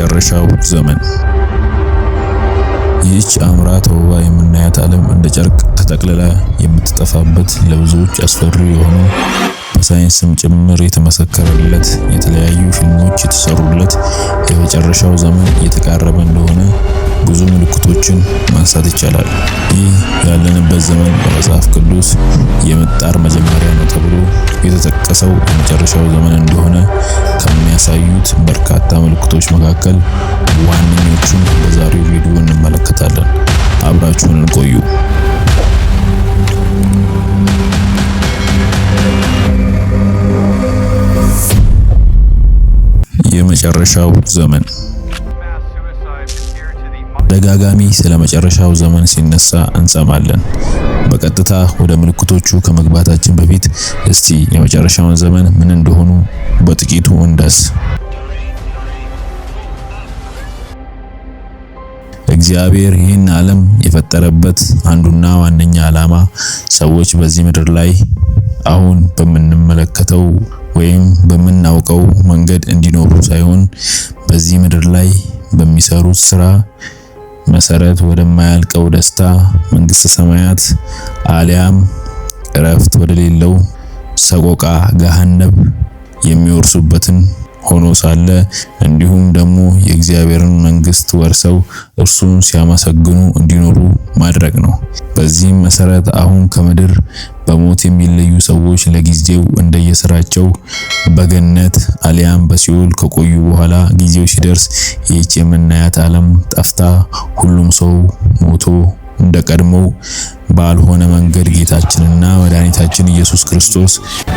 የመጨረሻው ዘመን ይህች አምራ ተውባ የምናያት ዓለም እንደ ጨርቅ ተጠቅልላ የምትጠፋበት ለብዙዎች አስፈሪ የሆነ በሳይንስም ጭምር የተመሰከረለት የተለያዩ ፊልሞች የተሰሩለት የመጨረሻው ዘመን እየተቃረበ እንደሆነ ብዙ ምልክቶችን ማንሳት ይቻላል። ይህ ያለንበት ዘመን በመጽሐፍ ቅዱስ የምጣር መጀመሪያ ነው ተብሎ የተጠቀሰው የመጨረሻው ዘመን እንደሆነ ከሚያሳዩት በርካታ ምልክቶች መካከል ዋነኞቹን በዛሬው ቪዲዮ እንመለከታለን። አብራችሁን እንቆዩ። የመጨረሻው ዘመን በተደጋጋሚ ስለ መጨረሻው ዘመን ሲነሳ እንሰማለን። በቀጥታ ወደ ምልክቶቹ ከመግባታችን በፊት እስቲ የመጨረሻውን ዘመን ምን እንደሆኑ በጥቂቱ እንደስ? እግዚአብሔር ይህን ዓለም የፈጠረበት አንዱና ዋነኛ ዓላማ ሰዎች በዚህ ምድር ላይ አሁን በምንመለከተው ወይም በምናውቀው መንገድ እንዲኖሩ ሳይሆን በዚህ ምድር ላይ በሚሰሩት ስራ መሰረት ወደማያልቀው ደስታ መንግስተ ሰማያት አሊያም እረፍት ወደሌለው ሰቆቃ ገሃነብ የሚወርሱበትን ሆኖ ሳለ እንዲሁም ደግሞ የእግዚአብሔርን መንግስት ወርሰው እርሱን ሲያመሰግኑ እንዲኖሩ ማድረግ ነው። በዚህም መሰረት አሁን ከምድር በሞት የሚለዩ ሰዎች ለጊዜው እንደየስራቸው በገነት አሊያም በሲኦል ከቆዩ በኋላ ጊዜው ሲደርስ ይህች የምናያት ዓለም ጠፍታ ሁሉም ሰው ሞቶ እንደ ቀድሞው ባልሆነ መንገድ ጌታችንና መድኃኒታችን ኢየሱስ ክርስቶስ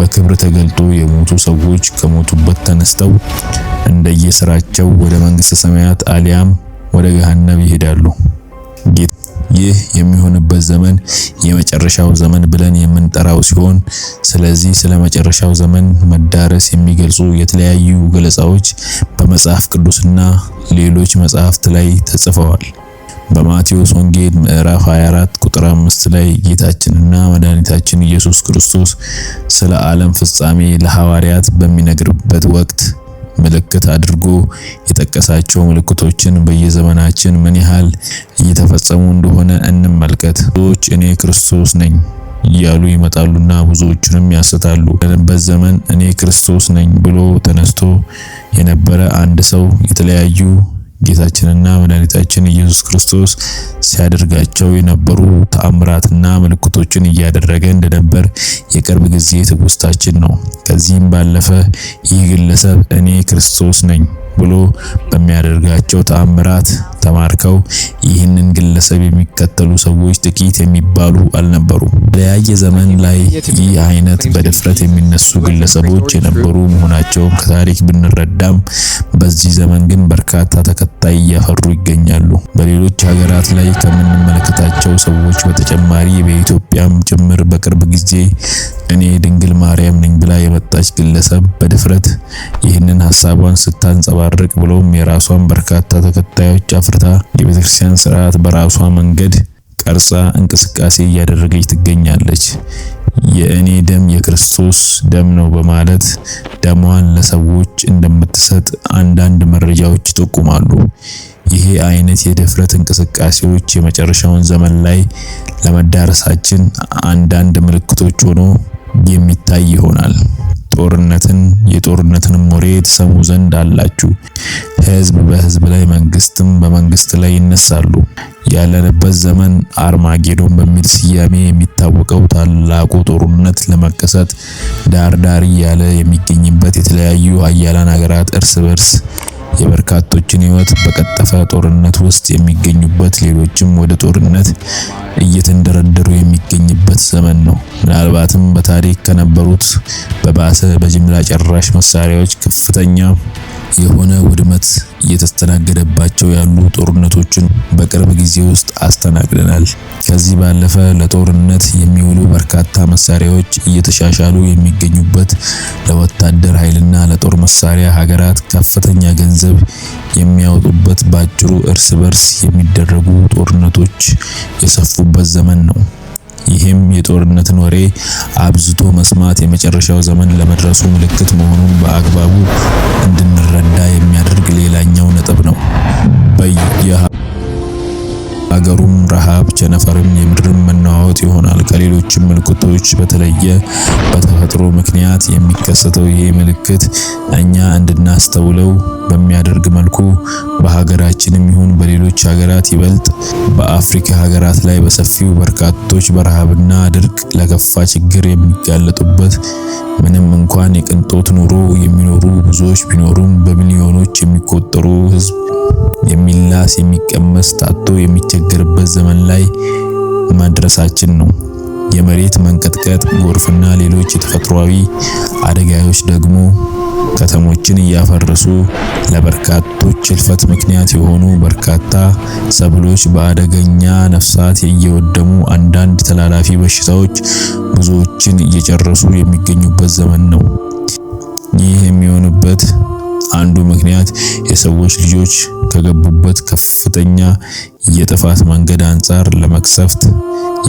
በክብር ተገልጦ የሞቱ ሰዎች ከሞቱበት ተነስተው እንደየስራቸው ወደ መንግስተ ሰማያት አሊያም ወደ ገሃነም ይሄዳሉ። ይህ የሚሆንበት ዘመን የመጨረሻው ዘመን ብለን የምንጠራው ሲሆን ስለዚህ ስለ መጨረሻው ዘመን መዳረስ የሚገልጹ የተለያዩ ገለጻዎች በመጽሐፍ ቅዱስና ሌሎች መጽሐፍት ላይ ተጽፈዋል። በማቴዎስ ወንጌል ምዕራፍ 24 ቁጥር 5 ላይ ጌታችንና መድኃኒታችን ኢየሱስ ክርስቶስ ስለ ዓለም ፍጻሜ ለሐዋርያት በሚነግርበት ወቅት ምልክት አድርጎ የጠቀሳቸው ምልክቶችን በየዘመናችን ምን ያህል እየተፈጸሙ እንደሆነ እንመልከት። ብዙዎች እኔ ክርስቶስ ነኝ እያሉ ይመጣሉና ብዙዎችንም ያስታሉ። በዘመን ዘመን እኔ ክርስቶስ ነኝ ብሎ ተነስቶ የነበረ አንድ ሰው የተለያዩ ጌታችንና መድኃኒታችን ኢየሱስ ክርስቶስ ሲያደርጋቸው የነበሩ ተአምራትና ምልክቶችን እያደረገ እንደነበር የቅርብ ጊዜ ትውስታችን ነው። ከዚህም ባለፈ ይህ ግለሰብ እኔ ክርስቶስ ነኝ ብሎ በሚያደርጋቸው ተአምራት ተማርከው ይህንን ግለሰብ የሚከተሉ ሰዎች ጥቂት የሚባሉ አልነበሩም። በተለያየ ዘመን ላይ ይህ አይነት በድፍረት የሚነሱ ግለሰቦች የነበሩ መሆናቸውን ከታሪክ ብንረዳም በዚህ ዘመን ግን በርካታ ተከታይ እያፈሩ ይገኛሉ። በሌሎች ሀገራት ላይ ከምንመለከታቸው ሰዎች በተጨማሪ በኢትዮጵያም ጭምር በቅርብ ጊዜ እኔ ድንግል ማርያም ነኝ ብላ የመጣች ግለሰብ በድፍረት ይህንን ሀሳቧን ስታንጸባ ስታንጸባርቅ ብሎም የራሷን በርካታ ተከታዮች አፍርታ የቤተክርስቲያን ስርዓት በራሷ መንገድ ቀርጻ እንቅስቃሴ እያደረገች ትገኛለች። የእኔ ደም የክርስቶስ ደም ነው በማለት ደሟን ለሰዎች እንደምትሰጥ አንዳንድ መረጃዎች ይጠቁማሉ። ይሄ አይነት የድፍረት እንቅስቃሴዎች የመጨረሻውን ዘመን ላይ ለመዳረሳችን አንዳንድ ምልክቶች ሆኖ የሚታይ ይሆናል። ጦርነትን የጦርነትንም ወሬ ትሰሙ ዘንድ አላችሁ። ህዝብ በህዝብ ላይ መንግስትም በመንግስት ላይ ይነሳሉ። ያለንበት ዘመን አርማጌዶን በሚል ስያሜ የሚታወቀው ታላቁ ጦርነት ለመከሰት ዳር ዳር እያለ የሚገኝበት የተለያዩ ሀያላን ሀገራት እርስ በርስ የበርካቶችን ህይወት በቀጠፈ ጦርነት ውስጥ የሚገኙበት ሌሎችም ወደ ጦርነት እየተንደረደሩ የሚገኝበት ዘመን ምናልባትም በታሪክ ከነበሩት በባሰ በጅምላ ጨራሽ መሳሪያዎች ከፍተኛ የሆነ ውድመት እየተስተናገደባቸው ያሉ ጦርነቶችን በቅርብ ጊዜ ውስጥ አስተናግደናል። ከዚህ ባለፈ ለጦርነት የሚውሉ በርካታ መሳሪያዎች እየተሻሻሉ የሚገኙበት ለወታደር ኃይልና ለጦር መሳሪያ ሀገራት ከፍተኛ ገንዘብ የሚያወጡበት ባጭሩ እርስ በርስ የሚደረጉ ጦርነቶች የሰፉበት ዘመን ነው። ይህም የጦርነትን ወሬ አብዝቶ መስማት የመጨረሻው ዘመን ለመድረሱ ምልክት መሆኑን በአግባቡ እንድንረዳ የሚያደርግ ሌላኛው ነጥብ ነው። በየሀገሩም ረሃብ፣ ቸነፈርም፣ የምድርም መናወጥ ይሆናል። ከሌሎችም ምልክቶች በተለየ በተፈጥሮ ምክንያት የሚከሰተው ይሄ ምልክት እኛ እንድናስተውለው በሚያደርግ መልኩ በሀገራችንም ይሁን በሌሎች ሀገራት ይበልጥ በአፍሪካ ሀገራት ላይ በሰፊው በርካቶች በረሃብና ድርቅ ለከፋ ችግር የሚጋለጡበት ምንም እንኳን የቅንጦት ኑሮ የሚኖሩ ብዙዎች ቢኖሩም በሚሊዮኖች የሚቆጠሩ ሕዝብ የሚላስ የሚቀመስ ታጥቶ የሚቸገርበት ዘመን ላይ መድረሳችን ነው። የመሬት መንቀጥቀጥ፣ ጎርፍና ሌሎች ተፈጥሯዊ አደጋዎች ደግሞ ከተሞችን እያፈረሱ ለበርካቶች እልፈት ምክንያት የሆኑ በርካታ ሰብሎች በአደገኛ ነፍሳት እየወደሙ አንዳንድ ተላላፊ በሽታዎች ብዙዎችን እየጨረሱ የሚገኙበት ዘመን ነው። ይህ የሚሆንበት አንዱ ምክንያት የሰዎች ልጆች ከገቡበት ከፍተኛ የጥፋት መንገድ አንጻር ለመቅሰፍት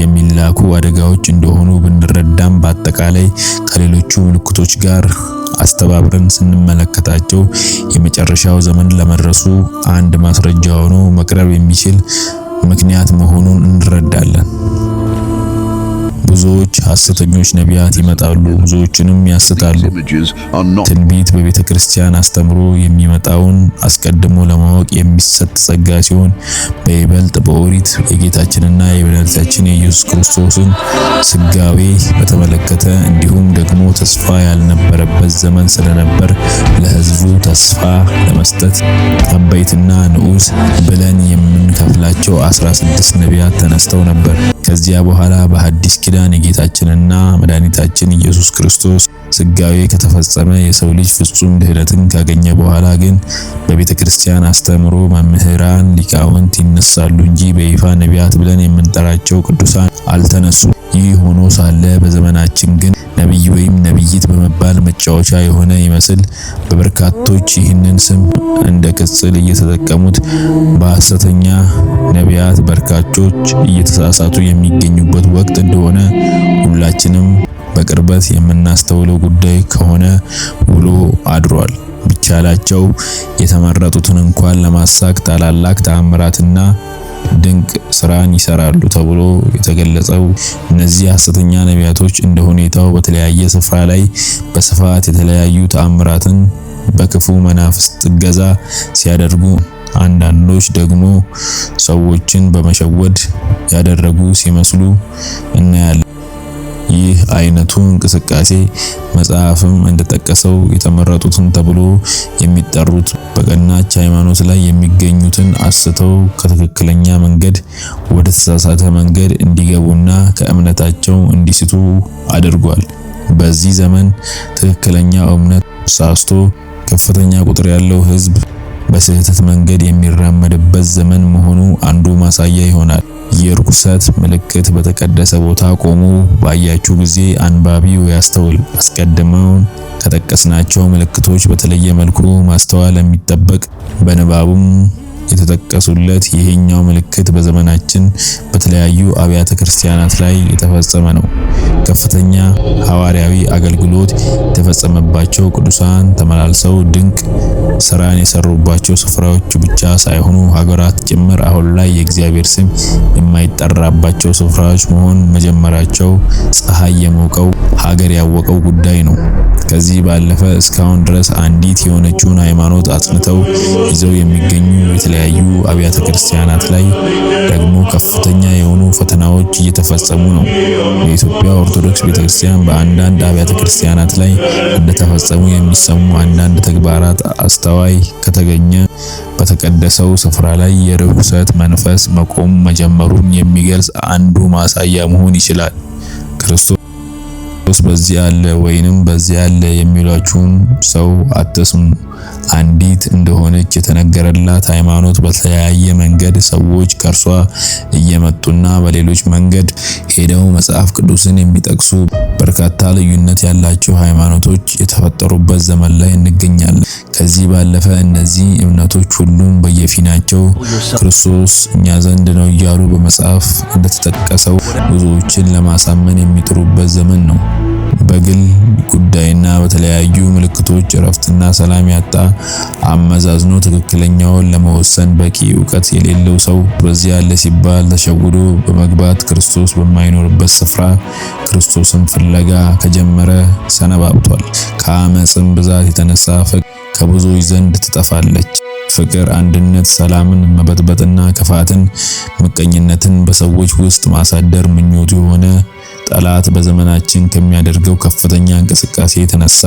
የሚላኩ አደጋዎች እንደሆኑ ብንረዳም በአጠቃላይ ከሌሎቹ ምልክቶች ጋር አስተባብረን ስንመለከታቸው የመጨረሻው ዘመን ለመድረሱ አንድ ማስረጃ ሆኖ መቅረብ የሚችል ምክንያት መሆኑን እንረዳለን። ብዙዎች ሐሰተኞች ነቢያት ይመጣሉ፣ ብዙዎችንም ያስታሉ። ትንቢት በቤተ ክርስቲያን አስተምሮ የሚመጣውን አስቀድሞ ለማወቅ የሚሰጥ ጸጋ ሲሆን በይበልጥ በኦሪት የጌታችንና የመድኃኒታችን የኢየሱስ ክርስቶስን ስጋዌ በተመለከተ እንዲሁም ደግሞ ተስፋ ያልነበረበት ዘመን ስለነበር ለሕዝቡ ተስፋ ለመስጠት አበይትና ንዑስ ብለን የምንከፍላቸው 16 ነቢያት ተነስተው ነበር። ከዚያ በኋላ በሐዲስ ኪዳን የመዳን የጌታችንና መድኃኒታችን ኢየሱስ ክርስቶስ ስጋዊ ከተፈጸመ የሰው ልጅ ፍጹም ድኅነትን ካገኘ በኋላ ግን በቤተ ክርስቲያን አስተምሮ መምህራን ሊቃውንት ይነሳሉ እንጂ በይፋ ነቢያት ብለን የምንጠራቸው ቅዱሳን አልተነሱም። ይህ ሆኖ ሳለ በዘመናችን ግን ነቢይ ወይም ነቢይት በመባል መጫወቻ የሆነ ይመስል በበርካቶች ይህንን ስም እንደ ቅጽል እየተጠቀሙት በሐሰተኛ ነቢያት በርካቾች እየተሳሳቱ የሚገኙበት ወቅት እንደሆነ ሁላችንም በቅርበት የምናስተውለው ጉዳይ ከሆነ ውሎ አድሯል። ቢቻላቸው የተመረጡትን እንኳን ለማሳክ ታላላቅ ተአምራትና ድንቅ ስራን ይሰራሉ ተብሎ የተገለጸው እነዚህ ሐሰተኛ ነቢያቶች እንደ ሁኔታው በተለያየ ስፍራ ላይ በስፋት የተለያዩ ተአምራትን በክፉ መናፍስት እገዛ ሲያደርጉ፣ አንዳንዶች ደግሞ ሰዎችን በመሸወድ ያደረጉ ሲመስሉ እናያለን። ይህ አይነቱ እንቅስቃሴ መጽሐፍም እንደጠቀሰው የተመረጡትን ተብሎ የሚጠሩት በቀናች ሃይማኖት ላይ የሚገኙትን አስተው ከትክክለኛ መንገድ ወደ ተሳሳተ መንገድ እንዲገቡና ከእምነታቸው እንዲስቱ አድርጓል። በዚህ ዘመን ትክክለኛ እምነት ሳስቶ ከፍተኛ ቁጥር ያለው ሕዝብ በስህተት መንገድ የሚራመድበት ዘመን መሆኑ አንዱ ማሳያ ይሆናል። የርኩሰት ምልክት በተቀደሰ ቦታ ቆሙ ባያችሁ ጊዜ አንባቢው ያስተውል። አስቀድመው ከጠቀስናቸው ምልክቶች በተለየ መልኩ ማስተዋል የሚጠበቅ በንባቡም የተጠቀሱለት ይሄኛው ምልክት በዘመናችን በተለያዩ አብያተ ክርስቲያናት ላይ የተፈጸመ ነው። ከፍተኛ ሐዋርያዊ አገልግሎት የተፈጸመባቸው ቅዱሳን ተመላልሰው ድንቅ ስራን የሰሩባቸው ስፍራዎች ብቻ ሳይሆኑ ሀገራት ጭምር አሁን ላይ የእግዚአብሔር ስም የማይጠራባቸው ስፍራዎች መሆን መጀመራቸው ፀሐይ የሞቀው ሀገር ያወቀው ጉዳይ ነው። ከዚህ ባለፈ እስካሁን ድረስ አንዲት የሆነችውን ሃይማኖት አጽንተው ይዘው የሚገኙ በተለያዩ አብያተ ክርስቲያናት ላይ ደግሞ ከፍተኛ የሆኑ ፈተናዎች እየተፈጸሙ ነው። የኢትዮጵያ ኦርቶዶክስ ቤተክርስቲያን በአንዳንድ አብያተ ክርስቲያናት ላይ እንደተፈጸሙ የሚሰሙ አንዳንድ ተግባራት አስተዋይ ከተገኘ በተቀደሰው ስፍራ ላይ የርኩሰት መንፈስ መቆም መጀመሩን የሚገልጽ አንዱ ማሳያ መሆን ይችላል። ክርስቶስ በዚህ አለ ወይንም በዚህ አለ የሚሏችሁን ሰው አትስሙ። አንዲት እንደሆነች የተነገረላት ሃይማኖት በተለያየ መንገድ ሰዎች ከእርሷ እየመጡና በሌሎች መንገድ ሄደው መጽሐፍ ቅዱስን የሚጠቅሱ በርካታ ልዩነት ያላቸው ሃይማኖቶች የተፈጠሩበት ዘመን ላይ እንገኛለን። ከዚህ ባለፈ እነዚህ እምነቶች ሁሉም በየፊናቸው ክርስቶስ እኛ ዘንድ ነው እያሉ በመጽሐፍ እንደተጠቀሰው ብዙዎችን ለማሳመን የሚጥሩበት ዘመን ነው። በግል ጉዳይና በተለያዩ ምልክቶች እረፍትና ሰላም ያጣ አመዛዝኖ ትክክለኛውን ለመወሰን በቂ እውቀት የሌለው ሰው በዚያ ያለ ሲባል ተሸውዶ በመግባት ክርስቶስ በማይኖርበት ስፍራ ክርስቶስን ፍለጋ ከጀመረ ሰነባብቷል። ከአመፅም ብዛት የተነሳ ፍቅር ከብዙዎች ዘንድ ትጠፋለች። ፍቅር፣ አንድነት፣ ሰላምን መበጥበጥና ክፋትን፣ ምቀኝነትን በሰዎች ውስጥ ማሳደር ምኞቱ የሆነ ጠላት በዘመናችን ከሚያደርገው ከፍተኛ እንቅስቃሴ የተነሳ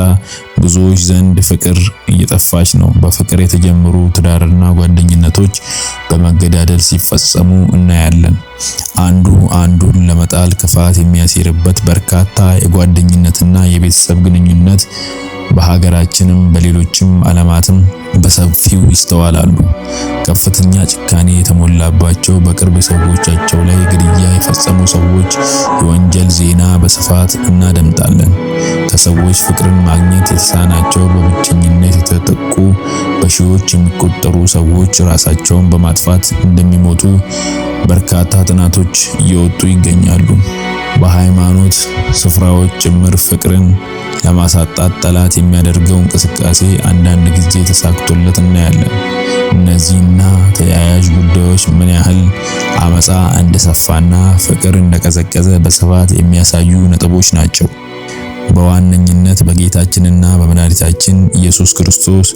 ብዙዎች ዘንድ ፍቅር እየጠፋች ነው። በፍቅር የተጀመሩ ትዳርና ጓደኝነቶች በመገዳደል ሲፈጸሙ እናያለን። አንዱ አንዱን ለመጣል ክፋት የሚያሴርበት በርካታ የጓደኝነትና የቤተሰብ ግንኙነት በሀገራችንም በሌሎችም ዓለማትም በሰፊው ይስተዋላሉ። ከፍተኛ ጭካኔ የተሞላባቸው በቅርብ ሰዎቻቸው ላይ ግድያ የፈጸሙ ሰዎች የወንጀል ዜና በስፋት እናደምጣለን። ከሰዎች ፍቅርን ማግኘት የተሳናቸው በብቸኝነት የተጠቁ በሺዎች የሚቆጠሩ ሰዎች ራሳቸውን በማጥፋት እንደሚሞቱ በርካታ ጥናቶች እየወጡ ይገኛሉ። በሃይማኖት ስፍራዎች ጭምር ፍቅርን ለማሳጣት ጠላት የሚያደርገው እንቅስቃሴ አንዳንድ ጊዜ ተሳክቶለት እናያለን። እነዚህና ተያያዥ ጉዳዮች ምን ያህል አመፃ እንደሰፋና ፍቅር እንደቀዘቀዘ በስፋት የሚያሳዩ ነጥቦች ናቸው። በዋነኝነት በጌታችንና በመድኃኒታችን ኢየሱስ ክርስቶስ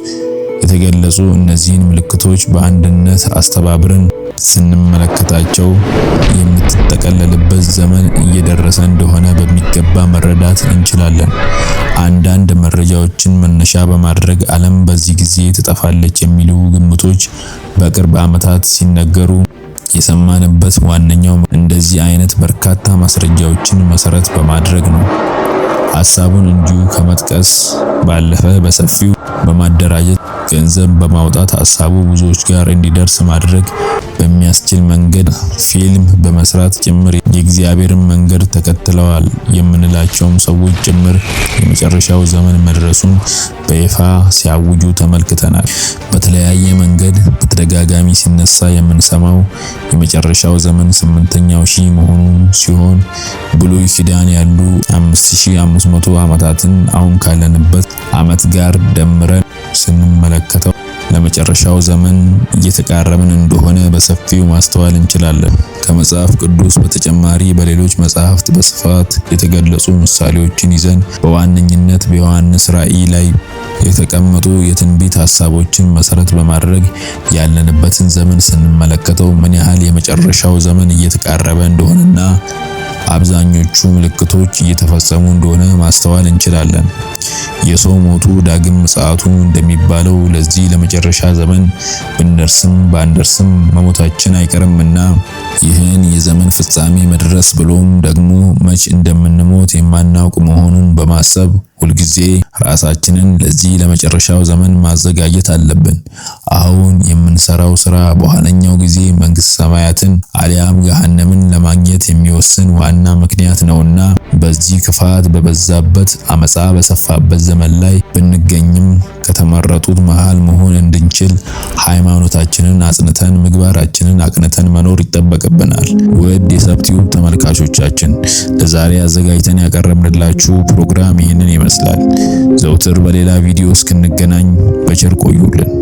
የተገለጹ እነዚህን ምልክቶች በአንድነት አስተባብረን ስንመለከታቸው የምትጠቀለልበት ዘመን እየደረሰ እንደሆነ በሚገባ መረዳት እንችላለን። አንዳንድ መረጃዎችን መነሻ በማድረግ ዓለም በዚህ ጊዜ ትጠፋለች የሚሉ ግምቶች በቅርብ ዓመታት ሲነገሩ የሰማንበት ዋነኛው እንደዚህ አይነት በርካታ ማስረጃዎችን መሰረት በማድረግ ነው። ሀሳቡን እንዲሁ ከመጥቀስ ባለፈ በሰፊው በማደራጀት ገንዘብ በማውጣት ሀሳቡ ብዙዎች ጋር እንዲደርስ ማድረግ በሚያስችል መንገድ ፊልም በመስራት ጭምር የእግዚአብሔርን መንገድ ተከትለዋል የምንላቸውም ሰዎች ጭምር የመጨረሻው ዘመን መድረሱን በይፋ ሲያውጁ ተመልክተናል። በተለያየ መንገድ በተደጋጋሚ ሲነሳ የምንሰማው የመጨረሻው ዘመን ስምንተኛው ሺህ መሆኑ ሲሆን ብሉይ ኪዳን ያሉ 5500 ዓመታትን አሁን ካለንበት ዓመት ጋር ደም ጨምረን ስንመለከተው ለመጨረሻው ዘመን እየተቃረብን እንደሆነ በሰፊው ማስተዋል እንችላለን። ከመጽሐፍ ቅዱስ በተጨማሪ በሌሎች መጽሐፍት በስፋት የተገለጹ ምሳሌዎችን ይዘን በዋነኝነት በዮሐንስ ራእይ ላይ የተቀመጡ የትንቢት ሀሳቦችን መሰረት በማድረግ ያለንበትን ዘመን ስንመለከተው ምን ያህል የመጨረሻው ዘመን እየተቃረበ እንደሆነና አብዛኞቹ ምልክቶች እየተፈጸሙ እንደሆነ ማስተዋል እንችላለን። የሰው ሞቱ ዳግም ምጽአቱ እንደሚባለው ለዚህ ለመጨረሻ ዘመን ብንደርስም ባንደርስም መሞታችን አይቀርምና ይህን የዘመን ፍጻሜ መድረስ ብሎም ደግሞ መች እንደምንሞት የማናውቅ መሆኑን በማሰብ ሁልጊዜ ራሳችንን ለዚህ ለመጨረሻው ዘመን ማዘጋጀት አለብን። አሁን የምንሰራው ስራ በኋለኛው ጊዜ መንግስት ሰማያትን አሊያም ገሃነምን ለማግኘት የሚወስን ዋና ምክንያት ነውና በዚህ ክፋት በበዛበት አመፃ በሰፋበት ዘመን ላይ ብንገኝም ከተመረጡት መሃል መሆን እንድንችል ሃይማኖታችንን አጽንተን ምግባራችንን አቅንተን መኖር ይጠበቅብናል። ውድ የሰብቲዩብ ተመልካቾቻችን ለዛሬ አዘጋጅተን ያቀረብንላችሁ ፕሮግራም ይህንን ይመስላል። ይመስላል። ዘውትር በሌላ ቪዲዮ እስክንገናኝ በቸር ቆዩልን።